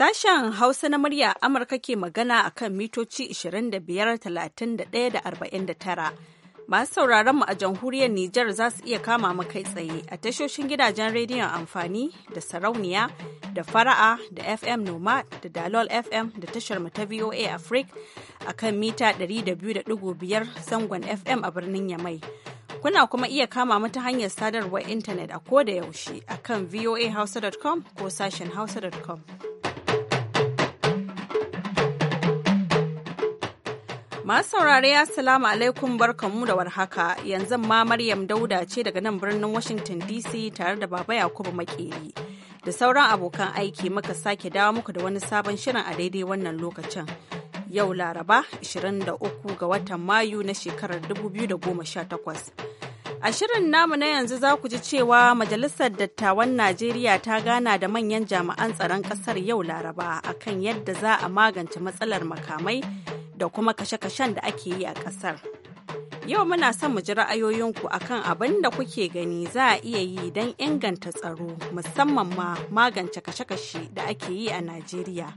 Sashen Hausa na murya Amurka ke magana a kan mitoci arba'in da tara Masu sauraron mu a jamhuriyar Nijar za su iya kama mu kai tsaye a tashoshin gidajen rediyon amfani da sarauniya da fara'a da FM Noma da Dalol FM da tashar mu ta VOA Africa a kan mita 200.5 zangon FM a birnin Yamai. Kuna kuma iya kama mu ta hanyar sadarwar intanet a da yaushe a kan voahausa.com ko sashen hausa.com. Masu saurare Assalamu alaikum barkanmu da warhaka yanzu ma Maryam Dauda ce daga nan birnin Washington DC tare da Baba Yakubu Makeri. Da sauran abokan aiki muka sake dawo muku da wani sabon shirin a daidai wannan lokacin. Yau Laraba 23 ga watan Mayu na shekarar 2018. A shirin namu na yanzu za ku ji cewa Majalisar Dattawan Najeriya ta gana da manyan jami'an tsaron ƙasar yau Laraba akan yadda za a magance matsalar makamai da kuma kashe-kashen da ake yi a ƙasar. Yau muna son mu ji ra'ayoyinku akan abin da kuke gani za a iya yi don inganta tsaro musamman ma magance kashe-kashe da ake yi a Najeriya.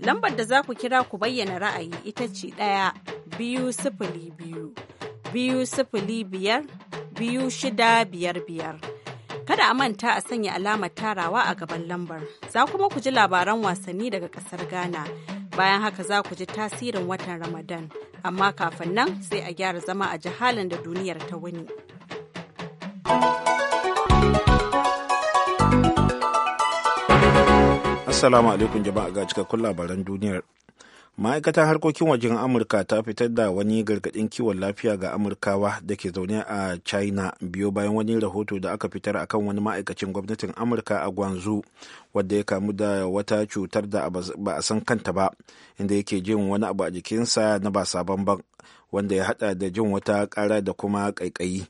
Lambar da za ku kira ku bayyana ra'ayi ita ce ɗaya biyu sifili biyu biyu sifili biyar biyu shida biyar biyar. Kada a manta a sanya alamar tarawa a gaban lambar. Za kuma ku ji labaran wasanni daga ƙasar Ghana. bayan haka za ku ji tasirin watan ramadan amma kafin nan sai a gyara zama a jihalin da duniyar ta wuni assalamu alaikum jama'a ga cikakkun labaran duniyar ma'aikatar harkokin wajen amurka ta fitar da wani gargaɗin kiwon lafiya ga amurkawa da ke zaune a china biyo bayan wani rahoto da aka fitar akan wani ma'aikacin gwamnatin amurka a gwanzu wadda ya kamu da wata cutar da ba a san kanta ba inda yake jin wani abu a jikinsa na ba sabon ban wanda ya hada da jin wata kara da kuma kaikayi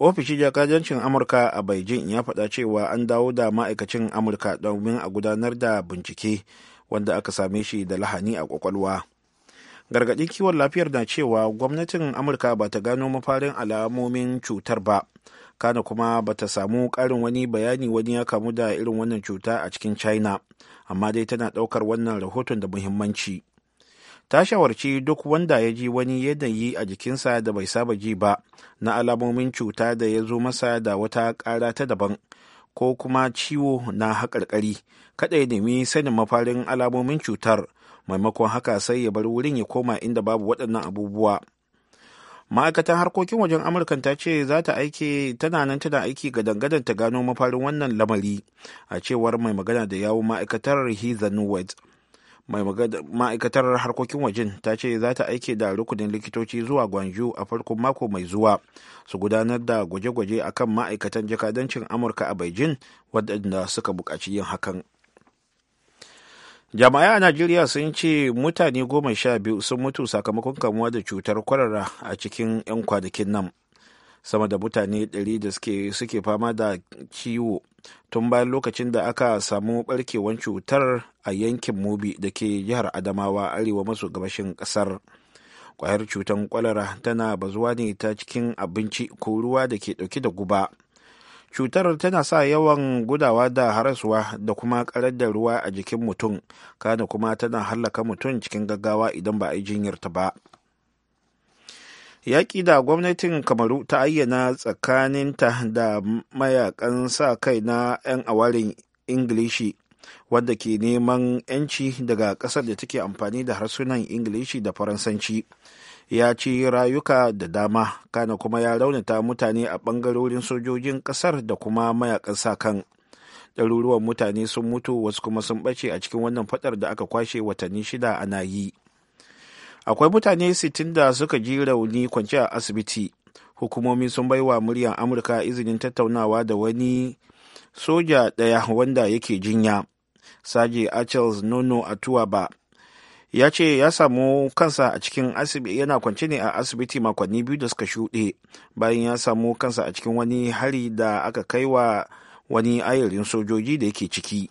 ofishin jakadancin amurka a beijing ya faɗa cewa an dawo da ma'aikacin amurka domin a gudanar da bincike wanda aka same shi da lahani a kwakwalwa gargaɗin kiwon lafiyar na cewa gwamnatin amurka ba ta gano mafarin alamomin cutar ba kana kuma ba ta samu ƙarin wani bayani wani ya kamu da irin wannan cuta a cikin china amma dai tana ɗaukar wannan rahoton da muhimmanci ta shawarci duk wanda ya ji wani yanayi a jikinsa da bai saba ji ba na alamomin cuta da ya zo masa da wata ƙara ta daban ko kuma ciwo na haƙarƙari kada ya nemi sanin mafarin alamomin cutar maimakon haka sai ya bar wurin ya koma inda babu waɗannan abubuwa ma'aikatan harkokin wajen amurkan ta ce za ta aiki tana nan tana aiki ga dangadan ta gano mafarin wannan lamari a cewar mai magana da yawun ma'aikatar heather newell mai ma'aikatar harkokin wajen ta ce za ta aike da rukunin likitoci zuwa gwanju a farkon mako mai zuwa su gudanar da gwaje-gwaje a kan ma'aikatan jakadancin amurka a beijing waɗanda suka buƙaci yin hakan jama'a a najeriya sun ce mutane goma sha biyu sun mutu sakamakon kamuwa da cutar kwarara a cikin 'yan kwanakin nan sama da mutane 100 da suke fama da ciwo tun bayan lokacin da aka samu barkewar cutar a yankin mubi da ke jihar adamawa arewa maso gabashin kasar kwayar cutar kwalara tana bazuwa ne ta cikin abinci ko ruwa da ke dauke da guba cutar tana sa yawan gudawa da harasuwa da kuma karar da ruwa a jikin mutum kana kuma tana hallaka mutum cikin gaggawa idan ba a yi jinyarta ba yaƙi da gwamnatin kamaru ta ayyana tsakaninta da mayakan sa kai na 'yan awarin ingilishi wadda ke neman 'yanci daga ƙasar da take amfani da harsunan ingilishi da faransanci ya ci rayuka da dama kana kuma ya raunata mutane a ɓangarorin sojojin ƙasar da kuma mayakan sa kan ɗaruruwan mutane sun mutu wasu kuma sun ɓace a cikin wannan fadar da aka kwashe watanni shida ana yi akwai mutane 60 da suka ji rauni kwance a asibiti hukumomi sun bai wa muryar amurka izinin tattaunawa da wani soja daya wanda yake jinya saje achilles nono atuwa ba ya ce ya samu kansa a cikin asibiti yana kwance ne a asibiti makonni biyu da suka shuɗe bayan ya samu kansa a cikin wani hari da aka kai wa wani ayarin sojoji da yake ciki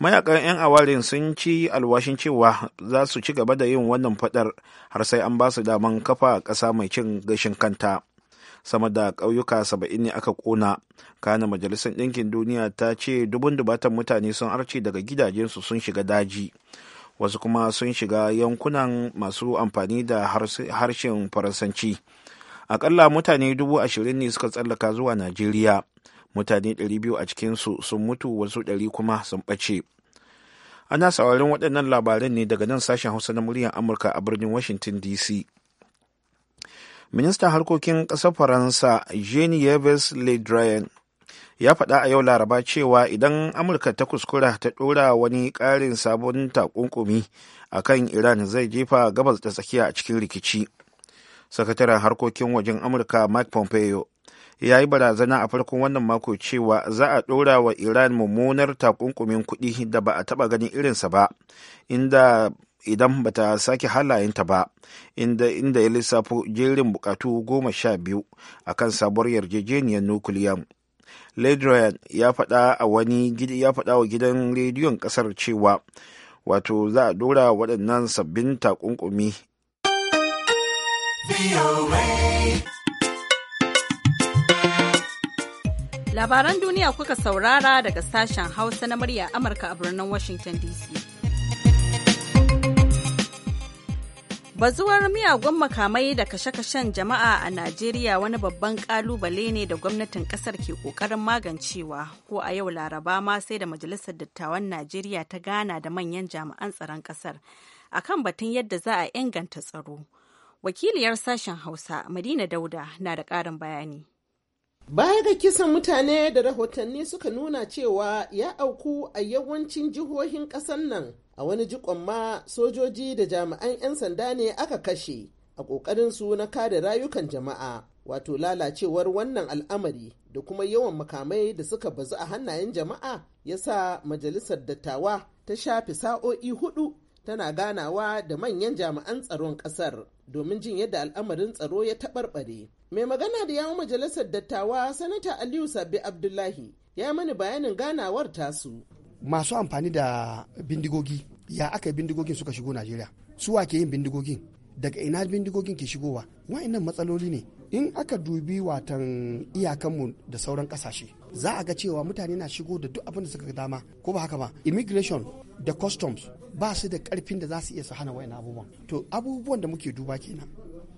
mayakan 'yan awarin sun ci alwashin cewa za su ci gaba da yin wannan fadar har sai an ba su daman kafa ƙasa mai cin gashin kanta sama da ƙauyuka saba'in ne aka ƙona kana majalisar ɗinkin duniya ta ce dubun dubatan mutane sun arce daga gidajensu sun shiga daji wasu kuma sun shiga yankunan masu amfani da harshen faransanci akalla mutane dubu ashirin ne suka tsallaka zuwa najeriya mutane 200 a cikinsu sun mutu wasu 100 kuma sun ɓace ana sauraron waɗannan labaran ne daga nan sashen hausa na muryar amurka a birnin washington dc ministan harkokin ƙasar faransa jean yves le drian ya faɗa a yau laraba cewa idan amurka ta kuskura ta ɗora wani ƙarin sabon takunkumi a kan iran zai jefa gabas da tsakiya a cikin rikici sakataren harkokin wajen amurka mike pompeo ya yi barazana a farkon wannan mako cewa za a ɗora wa iran mummunar takunkumin kuɗi da ba a taɓa ganin irinsa ba inda idan ba ta sake halayenta ba inda, inda ya lissafo jerin bukatu goma sha biyu a kan sabuwar yarjejeniyar nukuliyan ledrian ya faɗa a wani ya faɗa wa gidan rediyon ƙasar cewa wato za a ɗora waɗannan sabbin takunkumi Labaran duniya kuka saurara daga sashen Hausa na murya Amurka a birnin Washington DC. Bazuwar miyagun makamai da kashe-kashen jama'a a Najeriya wani babban kalubale ne da gwamnatin kasar ke kokarin magancewa ko a yau laraba ma sai da Majalisar Dattawan Najeriya ta gana da manyan jami'an tsaron kasar akan batun yadda za a inganta tsaro. Wakiliyar sashen Hausa Madina Dauda na da ƙarin bayani. Baya ga kisan mutane da rahotanni suka nuna cewa ya auku a yawancin jihohin ƙasar nan a wani jikon ma sojoji da jami'an 'yan sanda ne aka kashe a ƙoƙarinsu na kare rayukan jama'a wato lalacewar wannan al'amari da kuma yawan makamai da suka bazu a hannayen jama'a ya sa majalisar dattawa ta shafe sa'o'i hudu tana ganawa da manyan jami'an tsaron kasar domin jin yadda al'amarin tsaro ya taɓarɓare. Mai magana da yawon majalisar dattawa sanata Aliyu Sabi Abdullahi ya mani bayanin ganawar tasu. Masu amfani da bindigogi ya aka yi bindigogin suka shigo Najeriya. Su ke yin bindigogin daga ina bindigogin ke shigowa wa'annan matsaloli ne in aka dubi watan iyakanmu da sauran kasashe za a ga cewa mutane na shigo da duk abin da suka dama ko ba haka ba immigration da customs ba su da karfin da za su iya su hana wayan abubuwan to abubuwan da muke duba kenan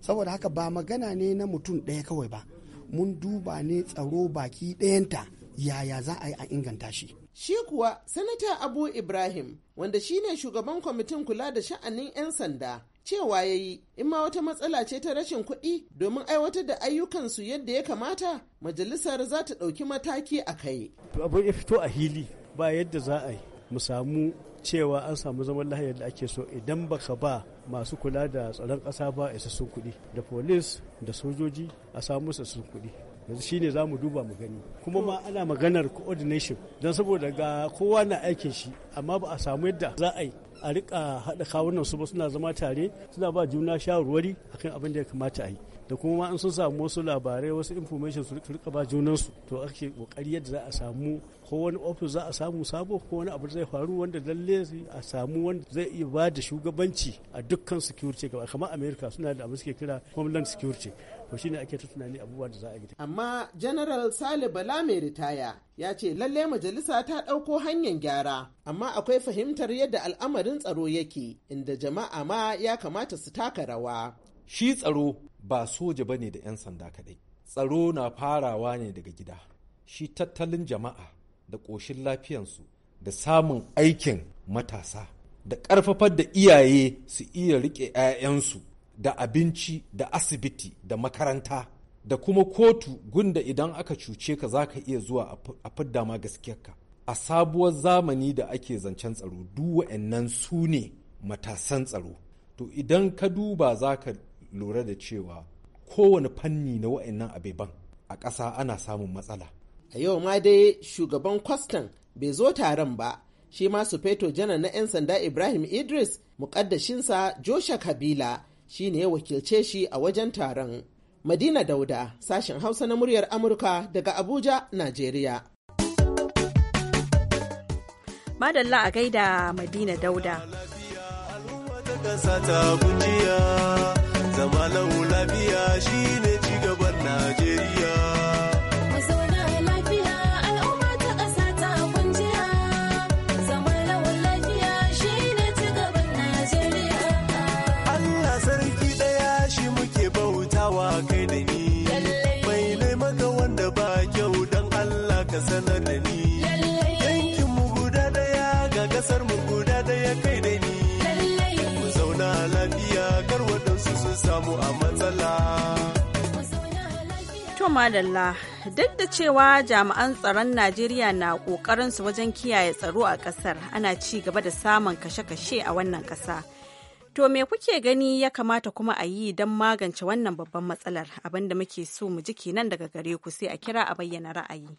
saboda haka ba magana ne na mutum ɗaya kawai ba mun duba ne tsaro baki ɗayanta yaya za a yi a inganta shi shi kuwa sanata abu ibrahim wanda shine shugaban kwamitin kula da sha'anin 'yan sanda cewa ya yi in ma wata matsala ce ta rashin kuɗi domin aiwatar da ayyukansu yadda ya kamata majalisar za ta ɗauki mataki a kai. abin ya fito a hili ba yadda za a yi mu samu cewa an samu zaman lahiyar da ake so idan baka ba masu kula da tsaron ƙasa ba isassun kuɗi da polis da sojoji a samu isassun kuɗi yanzu shine za mu duba mu gani kuma ma ana maganar coordination don saboda ga kowa na aikin shi amma ba a samu yadda za a yi a rika haɗa kawunan su ba suna zama tare suna ba juna shawarwari akan abin da ya kamata a yi da kuma in sun samu wasu labarai wasu information su rika ba junansu to ake kokari yadda za a samu ko wani ofis za a samu sabo ko wani abu zai faru wanda lalle a samu wanda zai iya ba da shugabanci a dukkan security kamar america suna da abin suke kira homeland security to ne ake ta tunani abubuwa da za a yi amma general sale bala mai ritaya ya ce lallai majalisa ta ɗauko hanyar gyara amma akwai fahimtar yadda al'amarin tsaro yake inda jama'a ma ya kamata su taka rawa shi tsaro ba soja ba ne da 'yan sanda kaɗai tsaro na farawa ne daga gida shi tattalin jama'a da ƙoshin lafiyansu da samun aikin matasa da ƙarfafar da iyaye su iya riƙe 'ya'yansu da abinci da asibiti da makaranta da kuma kotu gunda idan aka cuce ka za ka iya zuwa a fidda ma gaskiyarka a sabuwar zamani da ake zancen tsaro duk wa'annan su ne matasan tsaro to idan ka duba za ka lura da cewa kowane fanni na wa'annan abeban a ƙasa ana samun matsala a yau ma dai shugaban kwastan bai zo taron ba shi ma su feto janar na 'yan sanda ibrahim idris mukaddashinsa josha kabila shi ne ya wakilce shi a wajen taron. Madina Dauda, sashen Hausa na muryar Amurka daga Abuja, Najeriya. Madalla a gaida Madina Dauda. Zama lafiya shi ne cigaban Najeriya. madalla duk da cewa jami'an tsaron najeriya na ƙoƙarinsu su wajen kiyaye tsaro a ƙasar ana ci gaba da samun kashe-kashe a wannan ƙasa. To me kuke gani ya kamata kuma a yi don magance wannan babban matsalar abinda muke so mu ji kenan daga gare ku sai a kira a bayyana ra'ayi.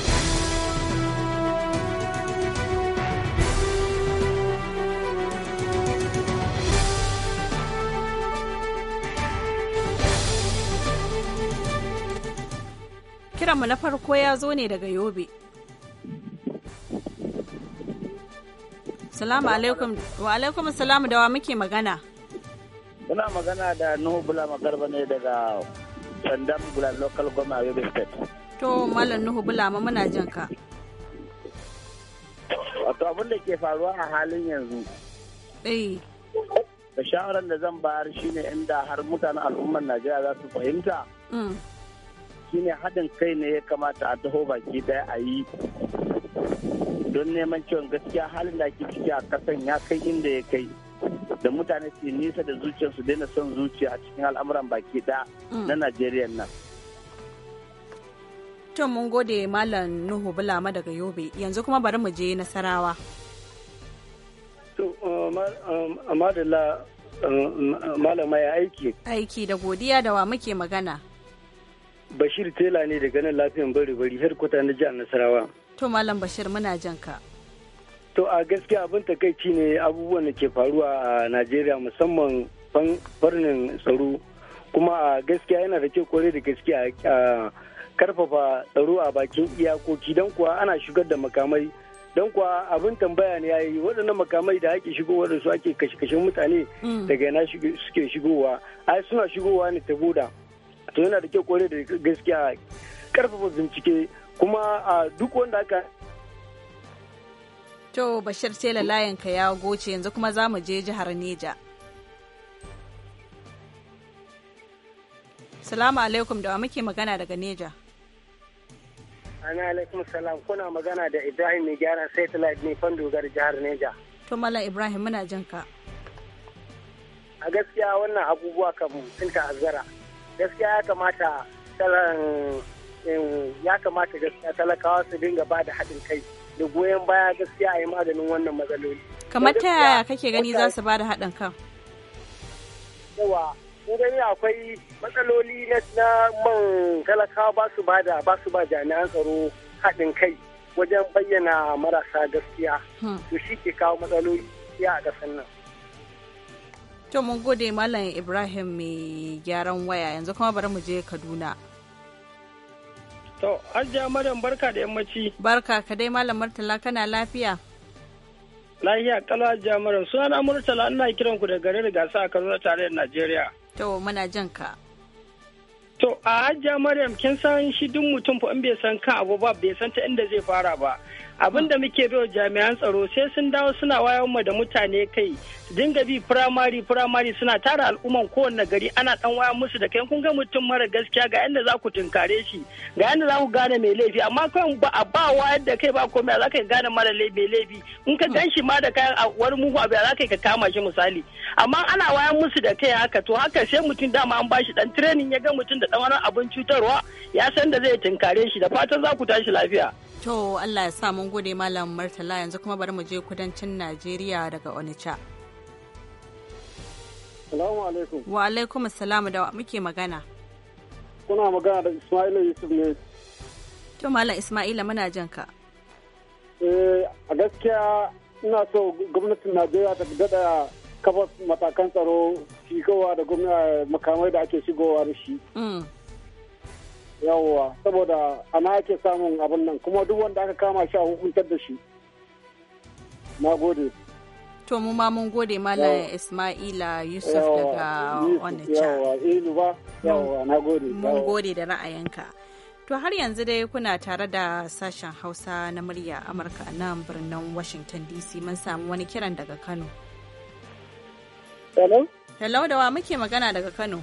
mu na farko ya zo ne daga Yobe. Salamu alaikum. Wa alaikum salamu da wa muke magana. Muna magana da Nuhu Bula Magarba ne daga Sandam Bula Local Goma Yobe State. To Malam Nuhu Bula ma muna jin ka. Wato abin da ke faruwa a halin yanzu. Eh. Da shawaran da zan bayar shine inda har mutanen al'ummar Najeriya za su fahimta. Mm. shine haɗin kai ne ya kamata a taho baki ɗaya a yi don neman ciwon gaskiya halin da ake ciki a kasan ya kai inda ya kai da mutane su nisa da zuciyarsu daina son zuciya a cikin al'amuran baki ɗaya mm. na najeriya nan to mun gode malam nuhu bulama daga yobe yanzu kuma bari mu je nasarawa to uh, amadala um, uh, malama ya aiki aiki da godiya da wa muke magana Bashir Tela ne daga nan lafiyan bari bari herkuta na jihar Nasarawa. To Malam Bashir muna jan ka. To a gaskiya abin takaici ne abubuwan da ke faruwa a Najeriya musamman farnin tsaro kuma a gaskiya yana da kyau kore da gaskiya a karfafa tsaro a bakin iyakoki don kuwa ana shigar da makamai don kuwa abin tambaya ne yayi waɗannan makamai da ake shigo da su ake kashe-kashen mutane mm. daga yana suke shigowa ai suna shigowa ne ta boda to yana da kyau kore da gaskiya karfafa bincike kuma a duk wanda aka to bashir tela ka ya goce yanzu kuma za mu je jihar neja salamu alaikum da wa muke magana daga neja ana alaikum salam kuna magana da ibrahim mai gyara satellite ne dogar jihar neja to mallam ibrahim muna jinka a gaskiya wannan abubuwa kan sun azara gaskiya ya kamata eh, ya kamata gaskiya talakawa su dinga ba da haɗin kai da goyon baya gaskiya a yi maganin wannan matsaloli. Kamar ta yaya kake gani za su ba da haɗin kan? Yawa, in gani akwai matsaloli na man talakawa ba su ba da ba su ba jami'an tsaro haɗin kai wajen bayyana marasa gaskiya. Hmm. To shi ke kawo matsaloli ya a ƙasar nan. to mun gode malam ibrahim mai gyaran waya yanzu kuma bari mu je kaduna to ajiya maryam barka da yammaci barka ka dai malam martala kana lafiya lafiya kala ajiya maryam suna na murtala ina kiran ku da garin gasa a kaduna tarayyar najeriya to muna jin ka To a hajja Maryam kin san shi duk mutum fa in bai san kan abu ba bai san ta inda zai fara ba. abin da muke bai jami'an tsaro sai sun dawo suna wayar da mutane kai dinga bi firamari firamari suna tara al'umman kowanne gari ana dan waya musu da kai kun ga mutum mara gaskiya ga yanda za ku tunkare shi ga yanda za ku gane mai laifi amma kai ba a ba wayar da kai ba komai za ka gane mara laifi laifi in ka gan shi ma da kayan wani mugu abu za ka kama shi misali amma ana wayan musu da kai haka to haka sai mutum dama an bashi dan training ya ga mutum da dan wani abin cutarwa ya san da zai tunkare shi da fatan za ku tashi lafiya. To Allah ya sa mun gode Malam Murtala yanzu kuma bari mu je kudancin Najeriya daga Onitsha. Salamu alaikum. Wa alaikum salamu da muke magana. Kuna magana da Ismail Yusuf ne. To Malam Isma'il muna jan ka. Eh a gaskiya ina so gwamnatin Najeriya ta daɗa kafa matakan tsaro shigowa da makamai da ake shigowa da shi. Mm. yawwa saboda ana ake samun abin nan kuma duk wanda aka kama shi a hukuntar da shi na gode to mu ma mun gode malam ismaila yusuf daga wannan mun gode da ra'ayinka to har yanzu dai kuna tare da sashen hausa na murya amurka a nan birnin washington dc mun samu wani kiran daga kano hello hello da wa muke magana daga kano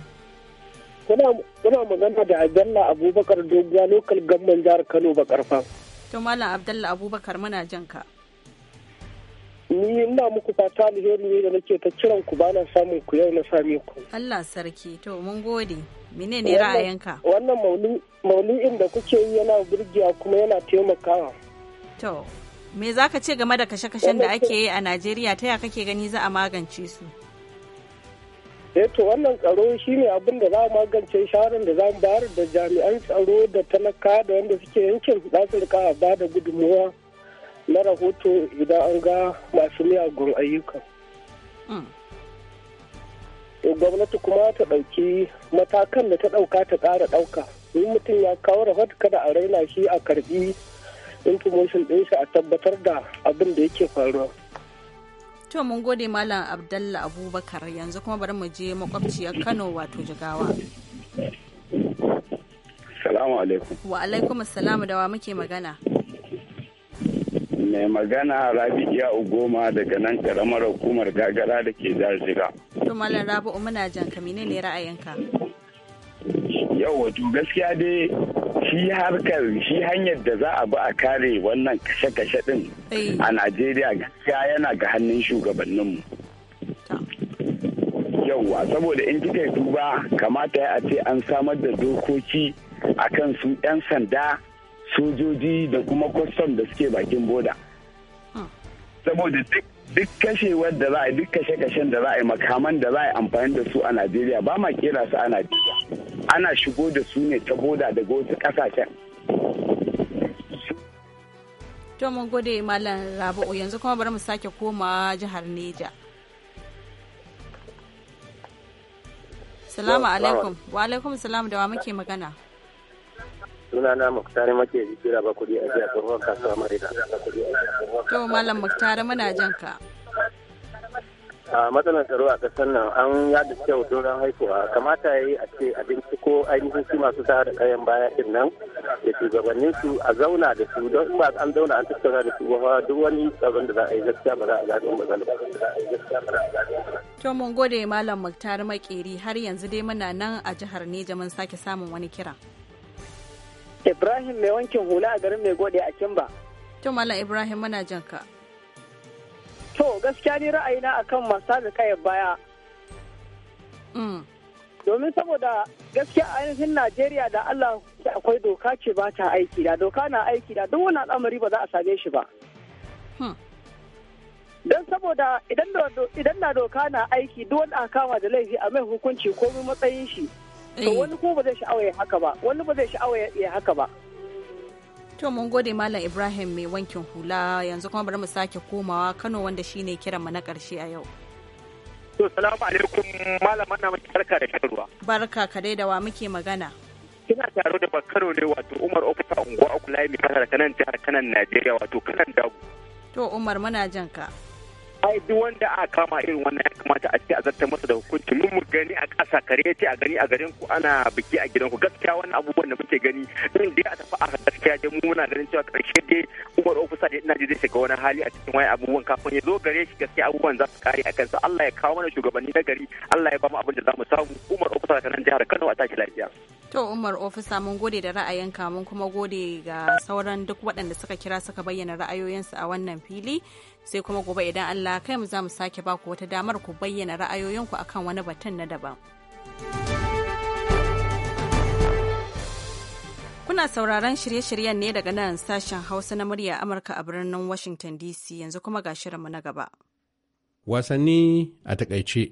Kuna magana da Abdullahi Abubakar Doguwa lokal gamban jihar Kano ba karfa. To Malam Abubakar muna jan ka. Ni ina muku fata alheri ne da nake ta kiran ku bana samun ku yau na same ku. Allah sarki to mun gode. Mene ne ra'ayinka? Wannan mauli'in da kuke yi yana burgiya kuma yana taimakawa. To, me za ka ce game da kashe-kashen da ake yi a Najeriya ta ya kake gani za a magance su? eh to wannan tsaro shi ne abin da za mu magance shawarar da za mu bayar da jami'an tsaro da talaka da wanda suke yankin za su rika ba da gudunmuwa na rahoto idan an ga masu miyagun ayyuka. Hmm. gwamnati kuma ta ɗauki matakan da ta ɗauka ta ƙara ɗauka in mutum ya kawo rahoto kada a raina shi a karbi information ɗinsa a tabbatar da abin da yake faruwa. To mun gode Malam Abdallah Abubakar yanzu kuma bari mu je makwabciyar Kano wato Jigawa. Salamu alaikum. Wa alaikum assalamu da wa muke magana. Mai magana Rabi'iya Ugoma daga nan karamar hukumar gagara da ke jar Jiga. To Malam Rabi'u muna jan kamine ne ra'ayinka? Yau wato gaskiya dai shi harkar shi hanyar da za a bi a kare wannan kashe-kashe din eh. a najeriya gaskiya yana ga hannun shugabanninmu yauwa saboda in kika duba kamata ya ce an samar da dokoki akan su 'yan sanda sojoji da kuma kwastam da suke bakin boda ah. saboda duk duk kashewar da za a duk kashe-kashen da za a yi makaman da za a yi amfani da su a najeriya ba ma kera su a najeriya ana shigo da su ne ta boda daga wasu kasashen to mun gode malam rabu'u yanzu kuma bari mu sake koma jihar neja salamu alaikum wa alaikum salam da wa muke magana sunana muktare mace jikira ba kudi a jiya tsohon kasuwa marina to malam muktare muna jan ka a matsalar tsaro a kasar nan an yada kyau don haihuwa kamata ya yi a ce abinci ko ainihin su masu sa da kayan baya din nan da shugabannin su a zauna da su don ba an zauna an tattauna da su ba duk wani tsaron da za a yi gaskiya ba za a gado matsala to mun gode malam muktar makeri har yanzu dai muna nan a jihar Neja mun sake samun wani kira. Ibrahim mai wankin hula a garin mai gode a Kimba. To Mala Ibrahim mana jan ka. To gaskiya ni ra'ayina akan masu da kaya baya. Mm. Domin saboda gaskiya ainihin Najeriya da Allah akwai doka ce ba ta aiki da doka na aiki da duk wani al'amari ba za a same shi ba. Hmm. Don saboda idan na doka na aiki duk wani kama da laifi a mai hukunci ko matsayin shi. to eh. wani ko ba zai sha'awa ya haka ba wani ba zai sha'awa ya haka ba to mun gode malam ibrahim mai wankin hula yanzu kuma bari mu sake komawa kano wanda shine kiran mu na karshe a yau to salamu alaikum malama na mai barka da karuwa barka ka dai da wa muke magana kina taro da bakaro ne wato umar ofisa unguwa akula mai fasara kanan jihar kanan najeriya wato kanan dagu to umar muna jan ka ai duk wanda aka kama irin wannan ya kamata a ce a zartar masa da hukunci mun mu gani a ƙasa kare ce a gani a garin ku ana biki a gidan ku gaskiya wannan abubuwan da muke gani irin da ya tafi a gaskiya dai mu muna ganin cewa ƙarshe dai umar ofisa da ina ji zai shiga wani hali a cikin wani abubuwan kafin ya zo gare shi gaskiya abubuwan za su kare a kansa Allah ya kawo mana shugabanni na gari Allah ya ba mu abin da za mu samu umar ofisa ta nan jihar Kano a tashi lafiya. To Umar ofisa mun gode da ra'ayinka mun kuma gode ga sauran duk waɗanda suka kira suka bayyana ra'ayoyinsu a wannan fili sai kuma gobe idan Allah kai mu za mu sake baku wata damar ku bayyana ra'ayoyinku akan wani batun na daban. Kuna sauraron shirye-shiryen ne daga nan sashen Hausa na murya Amurka a birnin Washington DC yanzu kuma ga shirinmu na gaba. Wasanni a takaice.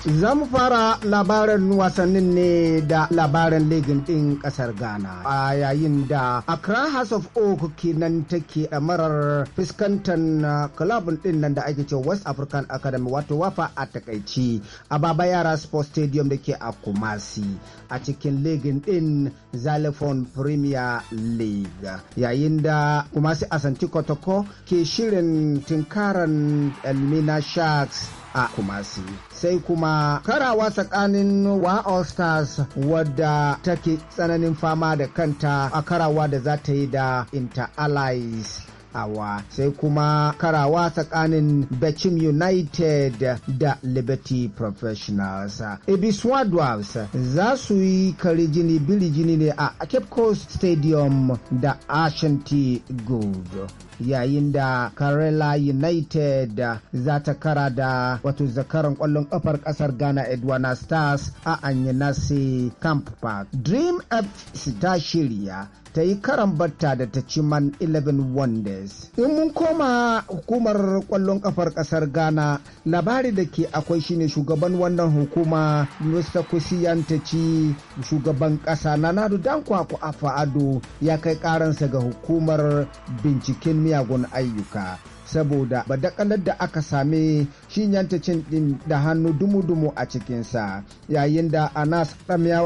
Za mu fara labaran wasannin ne da labaran ligin ɗin ƙasar Ghana a yayin da Accra House of Oak kenan take ɗamarar fuskantar kulabun uh, ɗin nan da ake ce West African Academy wato wafa a takaici a Baba Yara Sports Stadium da ke a Kumasi a cikin ligin ɗin Zalifon Premier League yayin da Kumasi Asanti Kotoko ke shirin tinkaran Elmina Sharks a Kumasi. Sai kuma karawa tsakanin wa All Stars wadda take tsananin fama da kanta a karawa da za ta yi da Inter Allies awa sai kuma karawa tsakanin Bechim United da Liberty Professionals. Ibiswa Dwarfs za su yi kari jini biri jini ne a Cape Coast Stadium da Ashanti Gold. yayin da Karela United za ta kara da wato zakaran kwallon kafar kasar Ghana Edwana Stars a Anyanasi Camp Park. Dream FC ta shirya ta yi karan batta da ta ci man 11 wonders in mun koma hukumar kwallon kafar kasar ghana labari da ke akwai shine shugaban wannan hukuma mr kusiyan ta ci shugaban kasa na nadu dankwaku a faado ya kai karansa ga hukumar binciken miyagun ayyuka saboda badakalar da aka same shi yantacin din da hannu dumu-dumu a cikinsa yayin da anas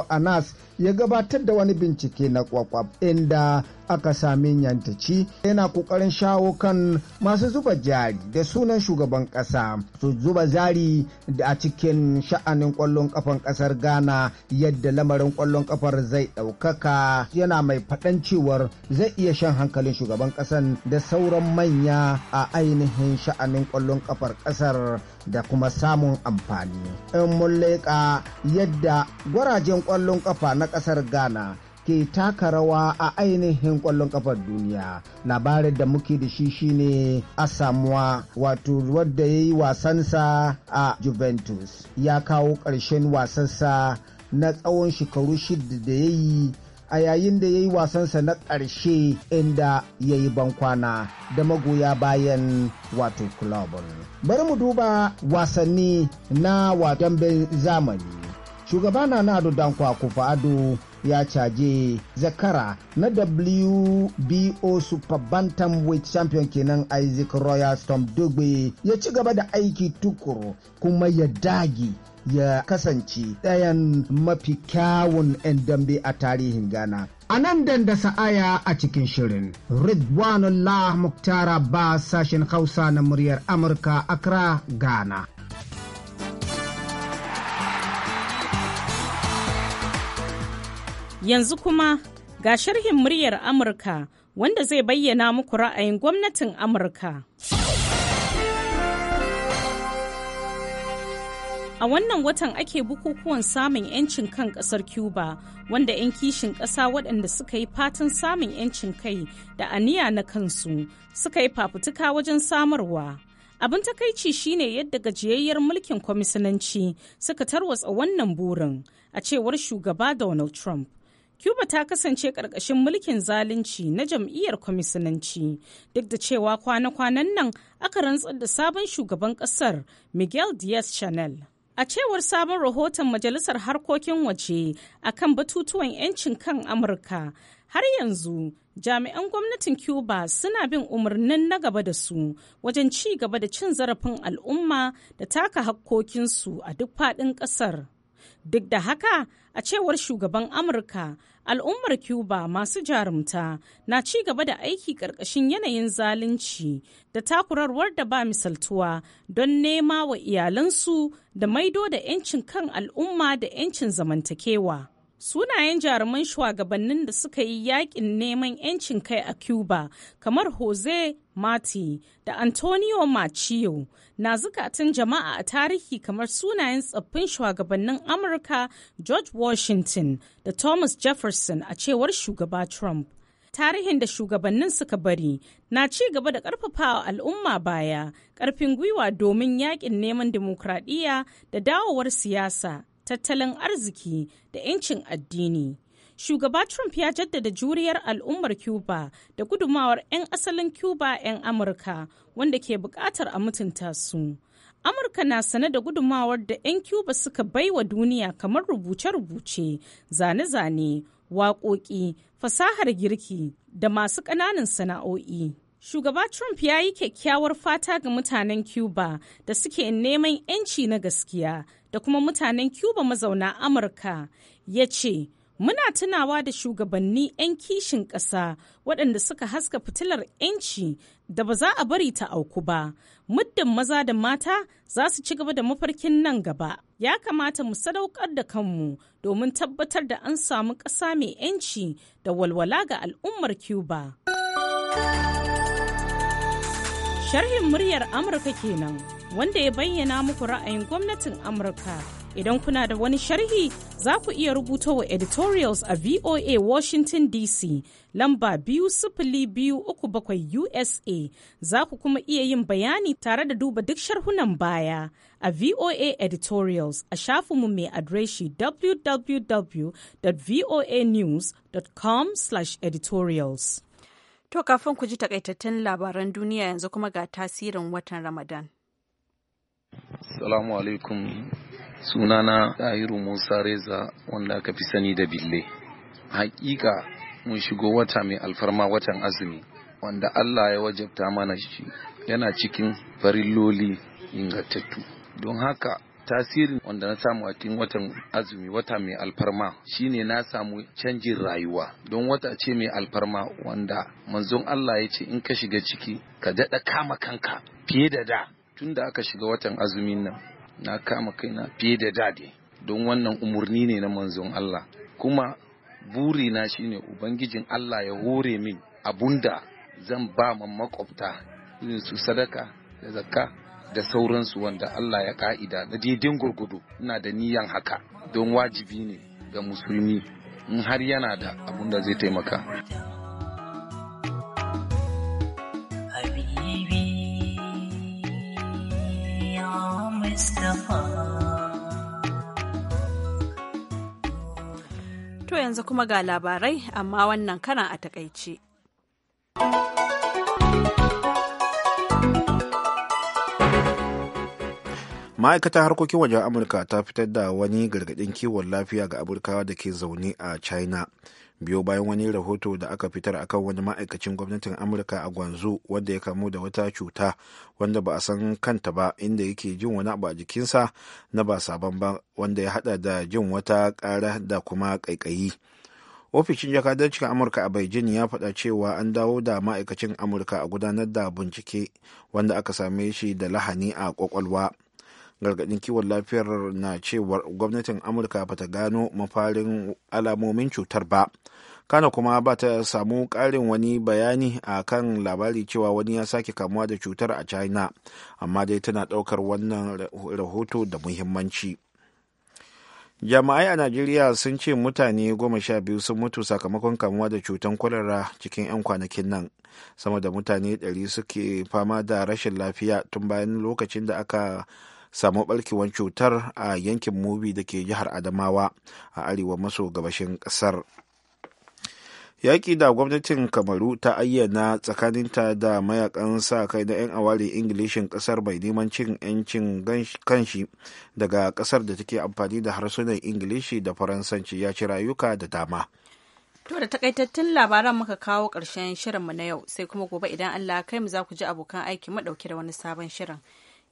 anas ya gabatar da wani bincike na kwakwab inda aka sami yantaci yana kokarin shawo kan masu zuba jari da sunan shugaban kasa su zuba jari a cikin sha'anin kwallon kafan kasar ghana yadda lamarin kwallon kafar zai ɗaukaka yana mai faɗan cewar zai iya shan hankalin shugaban kasan da sauran manya a ainihin sha'anin kwallon kafar kasar da kuma samun amfani. In mun leƙa yadda gwarajen ƙwallon ƙafa na ƙasar Ghana ke taka rawa a ainihin ƙwallon ƙafar duniya. Labarin da muke da shi shine Asamuwa wato wadda ya yi wasansa a Juventus ya kawo ƙarshen wasansa na tsawon shekaru shida da ya yi a yayin da ya yi wasansa na ƙarshe inda ya yi bankwana da magoya bayan wato kulabun. Bari mu duba wasanni na wadanben zamani. Shugaba na na Dankwa Kufa Ado ya caje zakara na WBO Super Bantamweight Champion kenan Isaac Royal Storm Dogbe ya ci gaba da aiki tukuru kuma ya dage ya kasance ɗayan mafi kyawun 'yan dambe a tarihin Ghana. A nan dandasa aya a cikin shirin, Ridwanullah Muktar Abbas sashen Hausa na muryar Amurka Accra, Ghana. Yanzu kuma ga sharhin muryar Amurka wanda zai bayyana muku ra'ayin gwamnatin Amurka. A wannan watan ake bukukuwan samun 'yancin kan ƙasar Cuba, wanda 'yan kishin ƙasa waɗanda suka yi fatan samun 'yancin kai da aniya na kansu suka yi fafutuka wajen samarwa. Abin takaici shine yadda gajiyayyar mulkin kwamisinanci suka tarwatsa wannan burin, a cewar shugaba Donald Trump. Cuba ta kasance ƙarƙashin mulkin zalunci na jam'iyyar kwamisinanci duk da cewa kwana-kwanan nan aka rantsar da sabon shugaban ƙasar Miguel Diaz-Chanel. A cewar sabon rahoton Majalisar Harkokin Waje a kan batutuwan 'yancin kan Amurka, har yanzu jami'an gwamnatin Cuba suna bin umarnin na gaba da su wajen ci gaba da cin zarafin al'umma da taka hakkokinsu a duk faɗin ƙasar. Duk da haka, a cewar shugaban Amurka, al'ummar cuba masu jarumta na ci gaba da aiki ƙarƙashin yanayin zalunci da takurarwar da ba misaltuwa don nema wa iyalansu da maido da 'yancin kan al'umma da 'yancin zamantakewa Sunayen jaruman shugabannin da suka yi yakin neman 'yancin kai a Cuba kamar Jose Mati da Antonio Machio na zukatan jama'a a tarihi kamar sunayen tsaffin shugabannin Amurka George Washington da Thomas Jefferson a cewar shugaba Trump. tarihin da shugabannin suka bari na ci gaba da ƙarfafawa al'umma baya karfin gwiwa domin yakin neman dimokuraɗiyya da dawowar siyasa tattalin arziki da 'yancin addini. Shugaba Trump ya jaddada juriyar al'ummar Cuba da gudumawar 'yan asalin Cuba 'yan Amurka wanda ke buƙatar a mutunta su. Amurka na sane da gudumawar da 'yan Cuba suka baiwa duniya kamar rubuce-rubuce, zane-zane, waƙoƙi, fasahar girki da masu ƙananan sana'o'i. Shugaba Trump ya yi kyakkyawar fata ga mutanen Cuba da suke neman 'yanci na gaskiya da kuma mutanen Cuba mazauna Amurka ya ce, Muna tunawa da shugabanni 'yan kishin ƙasa waɗanda suka haska fitilar 'yanci da ba za a bari ta auku ba. Muddin maza da mata za su ci gaba da mafarkin nan gaba. Ya kamata mu sadaukar da kanmu domin tabbatar da an samu ƙasa mai 'yanci da walwala ga al'ummar Cuba. Sharhin muryar Amurka kenan. wanda ya bayyana muku ra'ayin gwamnatin Amurka. Idan kuna da wani sharhi za ku iya rubuta wa editorials a VOA Washington DC lamba biyu sifili biyu uku bakwai USA za ku kuma iya yin bayani tare da duba duk sharhunan baya a VOA editorials a shafinmu mai adreshi www.voanews.com/editorials. To kafin ku ji takaitattun labaran duniya yanzu kuma ga tasirin watan Ramadan. Salamu alaikum sunana tahiru Musa Reza wanda aka fi sani da Bille. Hakika mun shigo wata mai alfarma watan azumi wanda Allah ya wajabta mana shi yana cikin farilloli ingantattu. Don haka tasirin wanda na samu a cikin watan azumi wata mai alfarma shine na samu canjin rayuwa don wata ce mai alfarma wanda manzon Allah ya ce in ka shiga ciki ka daɗa kama kanka fiye da da tun da aka shiga watan azumin nan na kama kai na fiye da dade don wannan umarni ne na manzon Allah kuma buri na shine ubangijin Allah ya hore min abunda zan ba ma makwabta irin su sadaka da zakka da sauransu wanda Allah ya ka'ida na daidin gurgudu ina da niyan haka don wajibi ne ga musulmi in har yana da abunda zai taimaka. To yanzu kuma ga labarai amma wannan karan a takaice. ma'aikatar harkokin wajen amurka ta fitar da wani gargaɗin kiwon lafiya ga amurkawa da ke zaune a china biyo bayan wani rahoto da aka fitar akan wani ma'aikacin gwamnatin amurka a gwanzu wanda ya kamu da wata cuta wanda ba a san kanta ba inda yake jin wani abu a jikinsa na ba sabon ba wanda ya hada da jin wata kara da kuma kaikayi ofishin jakadancin amurka a beijing ya faɗa cewa an dawo da ma'aikacin amurka a gudanar da bincike wanda aka same shi da lahani a kwakwalwa gargaɗin kiwon lafiyar na cewar gwamnatin amurka ba ta gano mafarin alamomin cutar ba kana kuma ba ta samu ƙarin wani bayani a kan labari cewa wani ya sake kamuwa da cutar a china amma dai tana ɗaukar wannan rahoto da muhimmanci jama'ai a najeriya sun ce mutane goma sha biyu sun mutu sakamakon kamuwa da cutar kwalara cikin 'yan kwanakin nan sama da mutane 100 suke fama da rashin lafiya tun bayan lokacin da aka samu ɓarkewar cutar a yankin mubi da ke jihar adamawa a arewa maso gabashin ƙasar yaƙi da gwamnatin kamaru ta ayyana tsakaninta da mayakan sa kai na 'yan awali ingilishin ƙasar mai neman cin 'yancin kanshi daga ƙasar da take amfani da harsunan ingilishi da faransanci ya ci rayuka da dama To da takaitattun labaran muka kawo ƙarshen shirinmu na yau sai kuma gobe idan Allah kai mu za ku ji abokan aiki mu ɗauke da wani sabon shirin.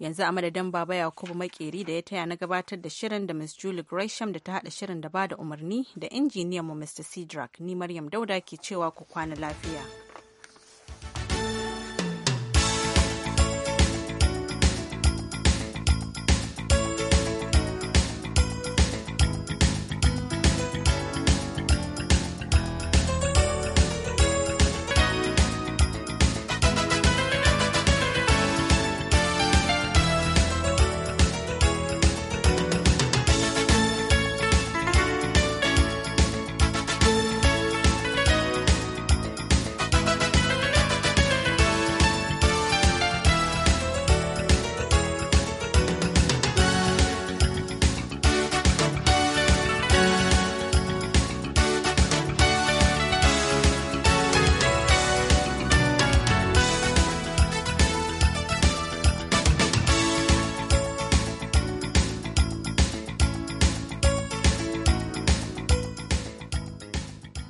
yanzu a madadin baba yakubu makeri da ya taya na gabatar da shirin da miss julie gresham da ta hada shirin da ba da umarni da injiniyan mu mr cedric ni maryam dauda ke cewa ku kwana lafiya